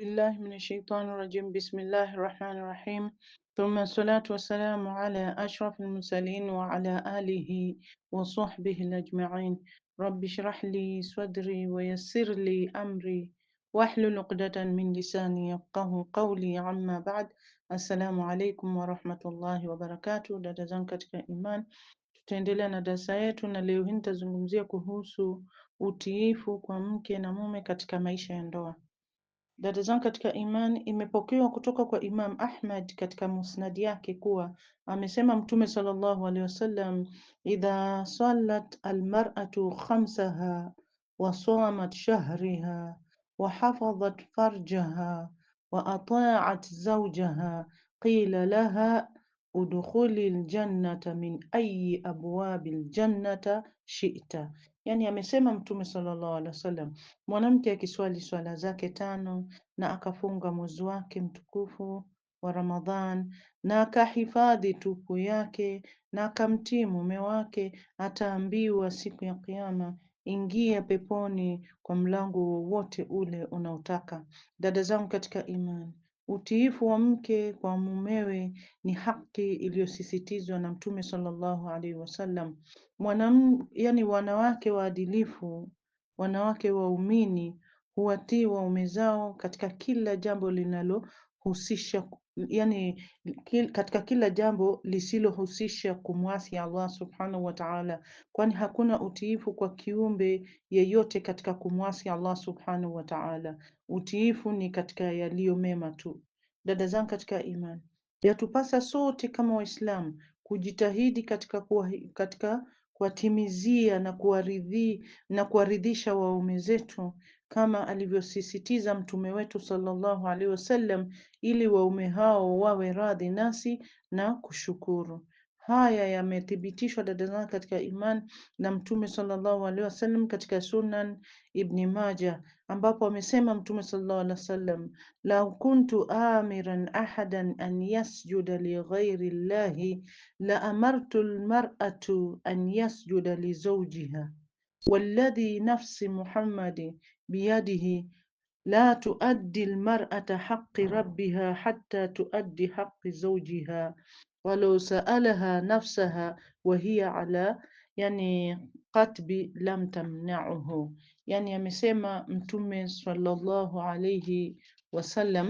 billahi minashaitanir rajim bismillahir rahmanir rahim thumma salatu wassalamu ala ashrafil mursalin wa ala alihi wa sahbihi ajma'in rabbi shrah li sadri wa yassir li amri wahlul uqdatan min lisani yafqahu qawli amma ba'd assalamu alaikum wa rahmatullahi dada zangu katika iman tutaendelea na darsa yetu na leo hii nitazungumzia kuhusu utiifu kwa mke na mume katika maisha ya ndoa Dada zangu katika imani, imepokewa kutoka kwa Imam Ahmad katika musnad yake kuwa amesema Mtume sallallahu alaihi wasallam, idha sallat almar'atu khamsaha wa samat shahriha wa hafadhat farjaha wa ata'at zawjaha qila laha udkhuli ljannata min ayi abwabi ljannata shita yani amesema Mtume sallallahu alaihi wasallam, mwanamke akiswali swala zake tano na akafunga mwezi wake mtukufu wa Ramadhan na akahifadhi tupu yake na akamtii mume wake, ataambiwa siku ya Kiyama, ingia peponi kwa mlango wowote ule unaotaka. Dada zangu katika imani, Utiifu wa mke kwa mumewe ni haki iliyosisitizwa na Mtume sallallahu alaihi wasallam. Mwanam, yani wanawake waadilifu, wanawake waumini huwatii waume zao katika kila jambo linalo husisha yani, kil, katika kila jambo lisilohusisha kumwasi Allah subhanahu wa ta'ala, kwani hakuna utiifu kwa kiumbe yeyote katika kumwasi Allah subhanahu wa ta'ala. Utiifu ni katika yaliyo mema tu. Dada zangu katika imani, yatupasa sote kama Waislamu kujitahidi katika kuwa, katika kuwatimizia na kuwaridhi na kuwaridhisha waume zetu kama alivyosisitiza mtume wetu sallallahu alaihi wasallam, ili waume hao wawe radhi nasi na kushukuru. Haya yamethibitishwa dada zangu katika iman na mtume sallallahu alaihi wasallam katika Sunan Ibni Maja, ambapo amesema mtume sallallahu alaihi wasallam, lau kuntu amiran ahadan an yasjuda lighairi llahi la amartu lmaratu an yasjuda lizaujiha walladhi nafsi Muhammadi biyadihi la tuaddi almar'ata haqqi rabbiha hatta tuaddi haqqi zawjiha walau saalaha nafsaha wa hiya ala yani katbi lam tamnauhu, yani amesema Mtume sallallahu alayhi wasallam,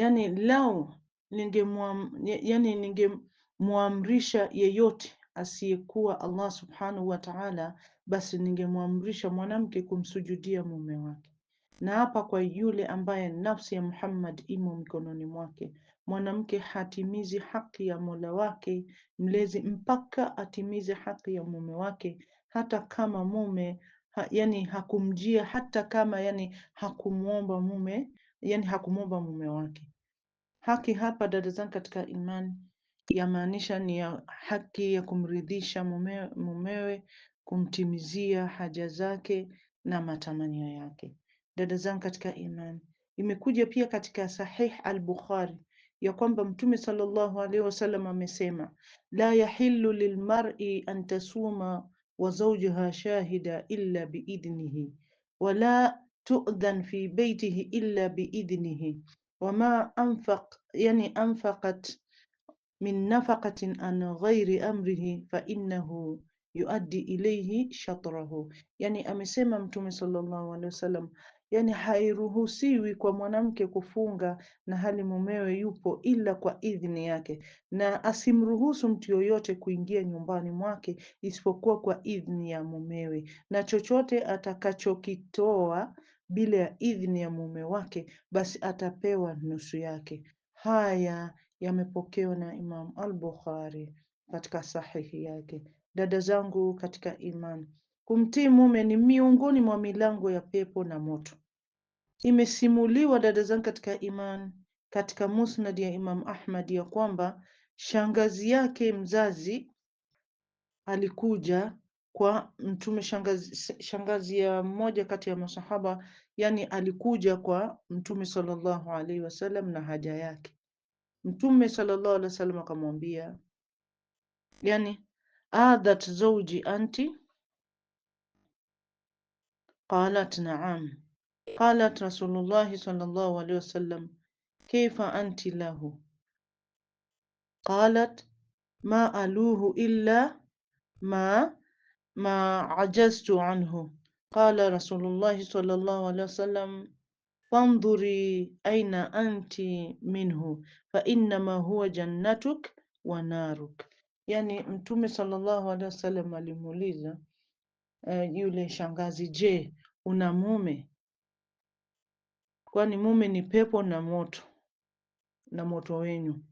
yani lau ningemwamrisha yani ninge yeyote asiyekuwa Allah subhanahu wa ta'ala, basi ningemwamrisha mwanamke kumsujudia mume wake. Na hapa kwa yule ambaye nafsi ya Muhammad imo mikononi mwake, mwanamke hatimizi haki ya Mola wake mlezi mpaka atimize haki ya mume wake, hata kama mume ha, yani hakumjia, hata kama yani hakumwomba mume, yani hakumwomba mume wake. Haki hapa, dada zangu katika imani, yamaanisha ni ya haki ya kumridhisha mumewe, mumewe kumtimizia haja zake na matamanio yake. Dada zangu katika imani, imekuja pia katika Sahih al-Bukhari ya kwamba Mtume sallallahu alaihi wasallam amesema, la yahillu lilmar'i an tasuma wa zawjaha shahida illa biidnihi wala tudhan fi beitihi illa biidnihi wama anfaq yani anfaqat min nafaqatin an ghairi amrihi fa innahu yuaddi ilayhi shatrahu, yani amesema Mtume sallallahu alaihi wasallam, yani hairuhusiwi kwa mwanamke kufunga na hali mumewe yupo ila kwa idhini yake, na asimruhusu mtu yoyote kuingia nyumbani mwake isipokuwa kwa idhini ya mumewe, na chochote atakachokitoa bila ya idhini ya mume wake, basi atapewa nusu yake. Haya yamepokewa na Imam al-Bukhari katika sahihi yake. Dada zangu katika iman kumtii mume ni miongoni mwa milango ya pepo na moto. Imesimuliwa dada zangu katika iman katika Musnad ya Imam Ahmad ya kwamba shangazi yake mzazi alikuja kwa mtume shangazi, shangazi ya mmoja kati ya masahaba, yani alikuja kwa mtume sallallahu alaihi wasallam na haja yake Mtume sallallahu alaihi wasallam akamwambia, yani adhat zauji anti qalat naam qalat rasulullahi sallallahu alaihi wasallam kaifa anti lahu qalat ma aluhu illa ma ma ajaztu anhu qala rasulullahi sallallahu alaihi wasallam fandhuri aina anti minhu fainnama huwa jannatuk wa naruk. Yani, Mtume sallallahu alaihi wasallam alimuuliza uh, yule shangazi, je, una mume? Kwani mume ni pepo na moto na moto wenyu,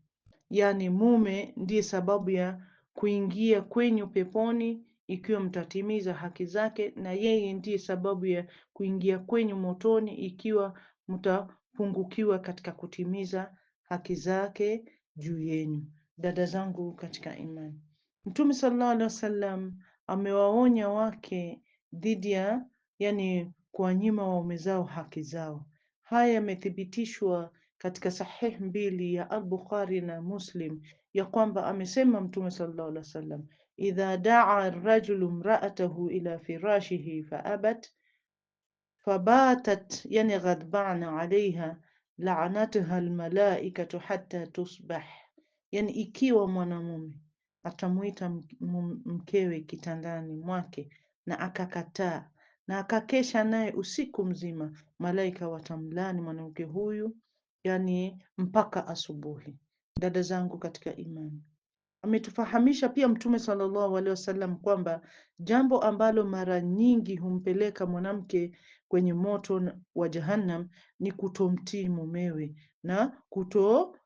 yani mume ndiye sababu ya kuingia kwenyu peponi ikiwa mtatimiza haki zake, na yeye ndiye sababu ya kuingia kwenyu motoni, ikiwa mtapungukiwa katika kutimiza haki zake juu yenu. Dada zangu katika imani, Mtume sallallahu alaihi wasallam amewaonya wake dhidi ya yani kuwanyima waume zao haki zao. Haya yamethibitishwa katika sahih mbili ya Al-Bukhari na Muslim ya kwamba amesema Mtume sallallahu alaihi wasallam idha daa rajulu mraatahu ila firashihi faabat fabatat yani ghadbana alaiha laanatuha almalaikatu hata tusbah, yani ikiwa mwanamume atamwita mkewe kitandani mwake na akakataa na akakesha naye usiku mzima, malaika watamlani mwanamke huyu yani mpaka asubuhi. Dada zangu katika imani, Ametufahamisha pia Mtume sallallahu alaihi wasallam kwamba jambo ambalo mara nyingi humpeleka mwanamke kwenye moto wa Jahannam ni kutomtii mumewe na kuto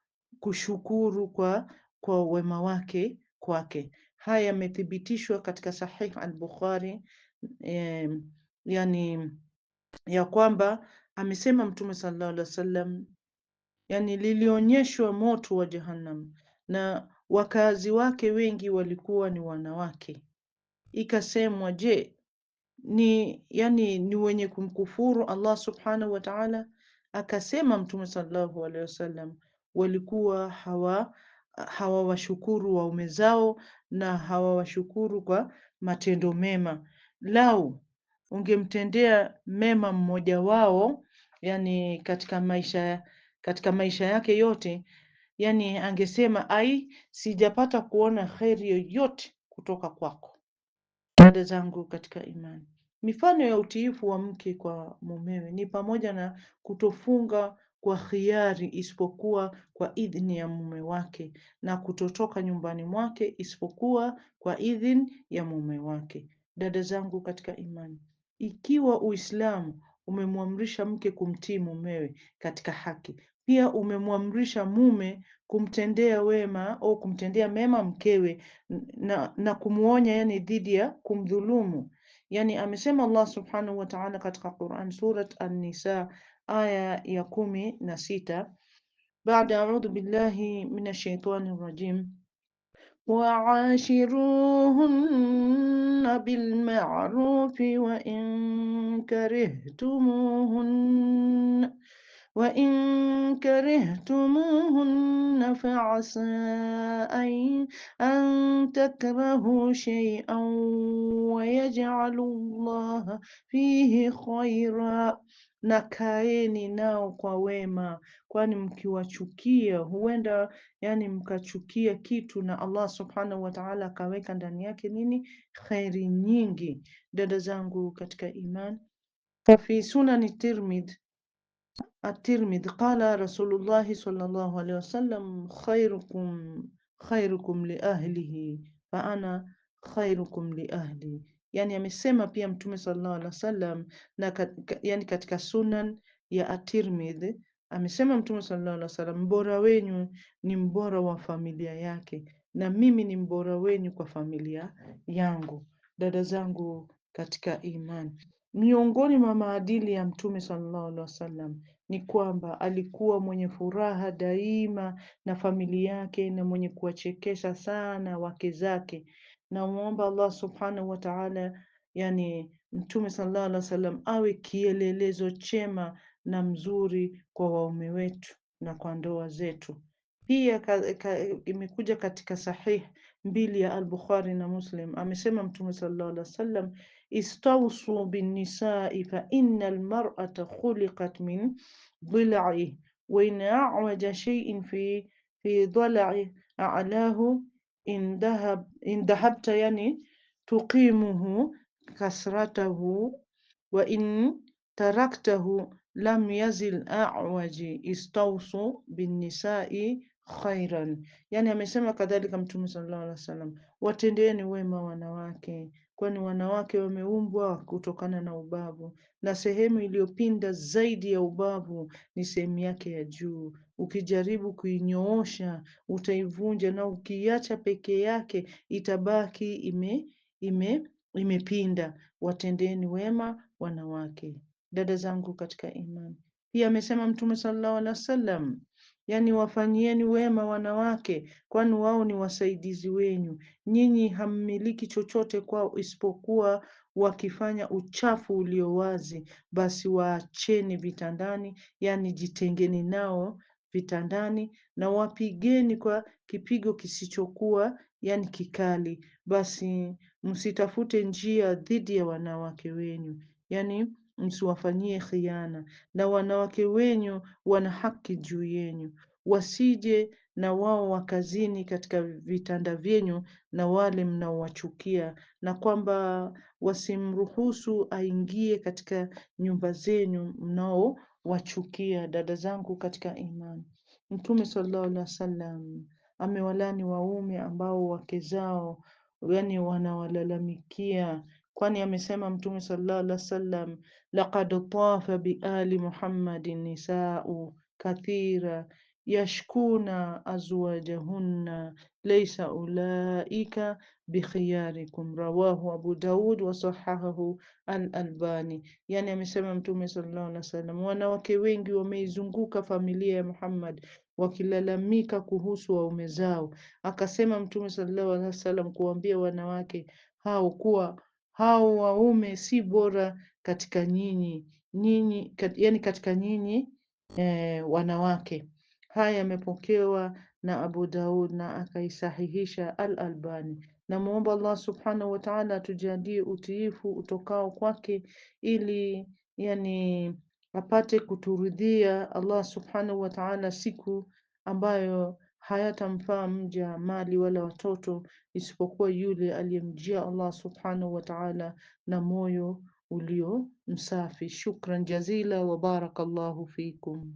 kushukuru kwa, kwa wema wake kwake. Haya yamethibitishwa katika Sahih al-Bukhari eh, yani ya kwamba amesema Mtume sallallahu alaihi wasallam, yani lilionyeshwa moto wa Jahannam na Wakazi wake wengi walikuwa ni wanawake. Ikasemwa, je, ni yani ni wenye kumkufuru Allah subhanahu wa ta'ala? Akasema Mtume sallallahu alaihi wasallam, walikuwa hawa hawawashukuru waume zao na hawawashukuru kwa matendo mema. Lau ungemtendea mema mmoja wao, yani katika maisha katika maisha yake yote yani angesema ai, sijapata kuona kheri yoyote kutoka kwako. Dada zangu katika imani, mifano ya utiifu wa mke kwa mumewe ni pamoja na kutofunga kwa khiari isipokuwa kwa idhini ya mume wake na kutotoka nyumbani mwake isipokuwa kwa idhini ya mume wake. Dada zangu katika imani, ikiwa Uislamu umemwamrisha mke kumtii mumewe katika haki, pia umemwamrisha mume kumtendea wema au kumtendea mema mkewe na, na kumwonya yani dhidi ya kumdhulumu. Yani amesema Allah subhanahu wa ta'ala katika Quran Surat An-Nisa aya ya kumi na sita baada audhu billahi minash shaitani rajim waashiruhun بالمعروف وإن كرهتموهن وإن كرهتموهن فعسى أن, أن تكرهوا شيئا ويجعل الله فيه خيرا na kaeni nao kwa wema, kwani mkiwachukia huenda yani mkachukia kitu na Allah subhanahu wa ta'ala akaweka ndani yake nini kheri nyingi. Dada zangu katika iman, fi sunani Tirmidhi At-Tirmidhi qala Rasulullahi sallallahu alayhi wasallam khairukum khairukum liahlihi fa ana khairukum liahli Yani amesema pia Mtume sallallahu alaihi wasallam na kat, yani katika Sunan ya at amesema Mtume sallallahu alaihi wasallam, mbora wenyu ni mbora wa familia yake na mimi ni mbora wenyu kwa familia yangu. Dada zangu katika imani, miongoni mwa maadili ya Mtume sallallahu alaihi wasallam ni kwamba alikuwa mwenye furaha daima na familia yake na mwenye kuwachekesha sana wake zake. Namwomba Allah subhanahu wa ta'ala, yani Mtume sallallahu alaihi wasallam awe kielelezo chema na mzuri kwa waume wetu na kwa ndoa zetu. Pia ka, ka, imekuja katika sahih mbili ya al-Bukhari na Muslim, amesema Mtume sallallahu alaihi wasallam, istawsu binnisai fa innal mar'ata khuliqat min dhila'i wa in a'waja shay'in fi fi dhala'i a'lahu إن ذهب إن ذهبت يعني تقيمه كسرته وإن تركته لم يزل أعوج استوصوا بالنساء خيرا يعني أمسما كذلك متوم صلى الله عليه وسلم وتندين وما ونواكي kwani wanawake wameumbwa kutokana na ubavu, na sehemu iliyopinda zaidi ya ubavu ni sehemu yake ya juu. Ukijaribu kuinyoosha utaivunja, na ukiacha peke yake itabaki ime ime imepinda. Watendeni wema wanawake, dada zangu katika imani. Pia amesema Mtume sallallahu alaihi wasallam yani wafanyieni wema wanawake, kwani wao ni wasaidizi wenyu. Nyinyi hammiliki chochote kwao isipokuwa wakifanya uchafu ulio wazi, basi waacheni vitandani, yani jitengeni nao vitandani, na wapigeni kwa kipigo kisichokuwa yani kikali, basi msitafute njia dhidi ya wanawake wenyu yani msiwafanyie khiana, na wanawake wenyu wana haki juu yenyu, wasije na wao wakazini katika vitanda vyenyu na wale mnaowachukia, na kwamba wasimruhusu aingie katika nyumba zenyu mnaowachukia. Dada zangu katika imani, Mtume sallallahu alaihi wasallam amewalani waume ambao wake zao yani wanawalalamikia kwani amesema Mtume sallallahu alaihi wasallam, laqad tafa biali muhammadin nisau kathira yashkuna azwajahunna laysa ulaika bikhiyarikum rawahu Abu Daud wasahahahu al-Albani. Yani amesema Mtume sallallahu alaihi wasallam, wanawake wengi wameizunguka familia ya Muhammad wakilalamika kuhusu waume zao. Akasema Mtume sallallahu alaihi wasallam kuambia wanawake hao kuwa hao waume si bora katika nyinyi nyinyi kat, yani katika nyinyi e, wanawake. Haya yamepokewa na Abu Daud na akaisahihisha Al-Albani. Namwomba Allah subhanahu wa ta'ala atujalie utiifu utokao kwake ili yani apate kuturudhia Allah subhanahu wa ta'ala siku ambayo hayatamfaa mja mali wala watoto isipokuwa yule aliyemjia Allah subhanahu wa ta'ala na moyo ulio msafi. Shukran jazila wa barakallahu fikum.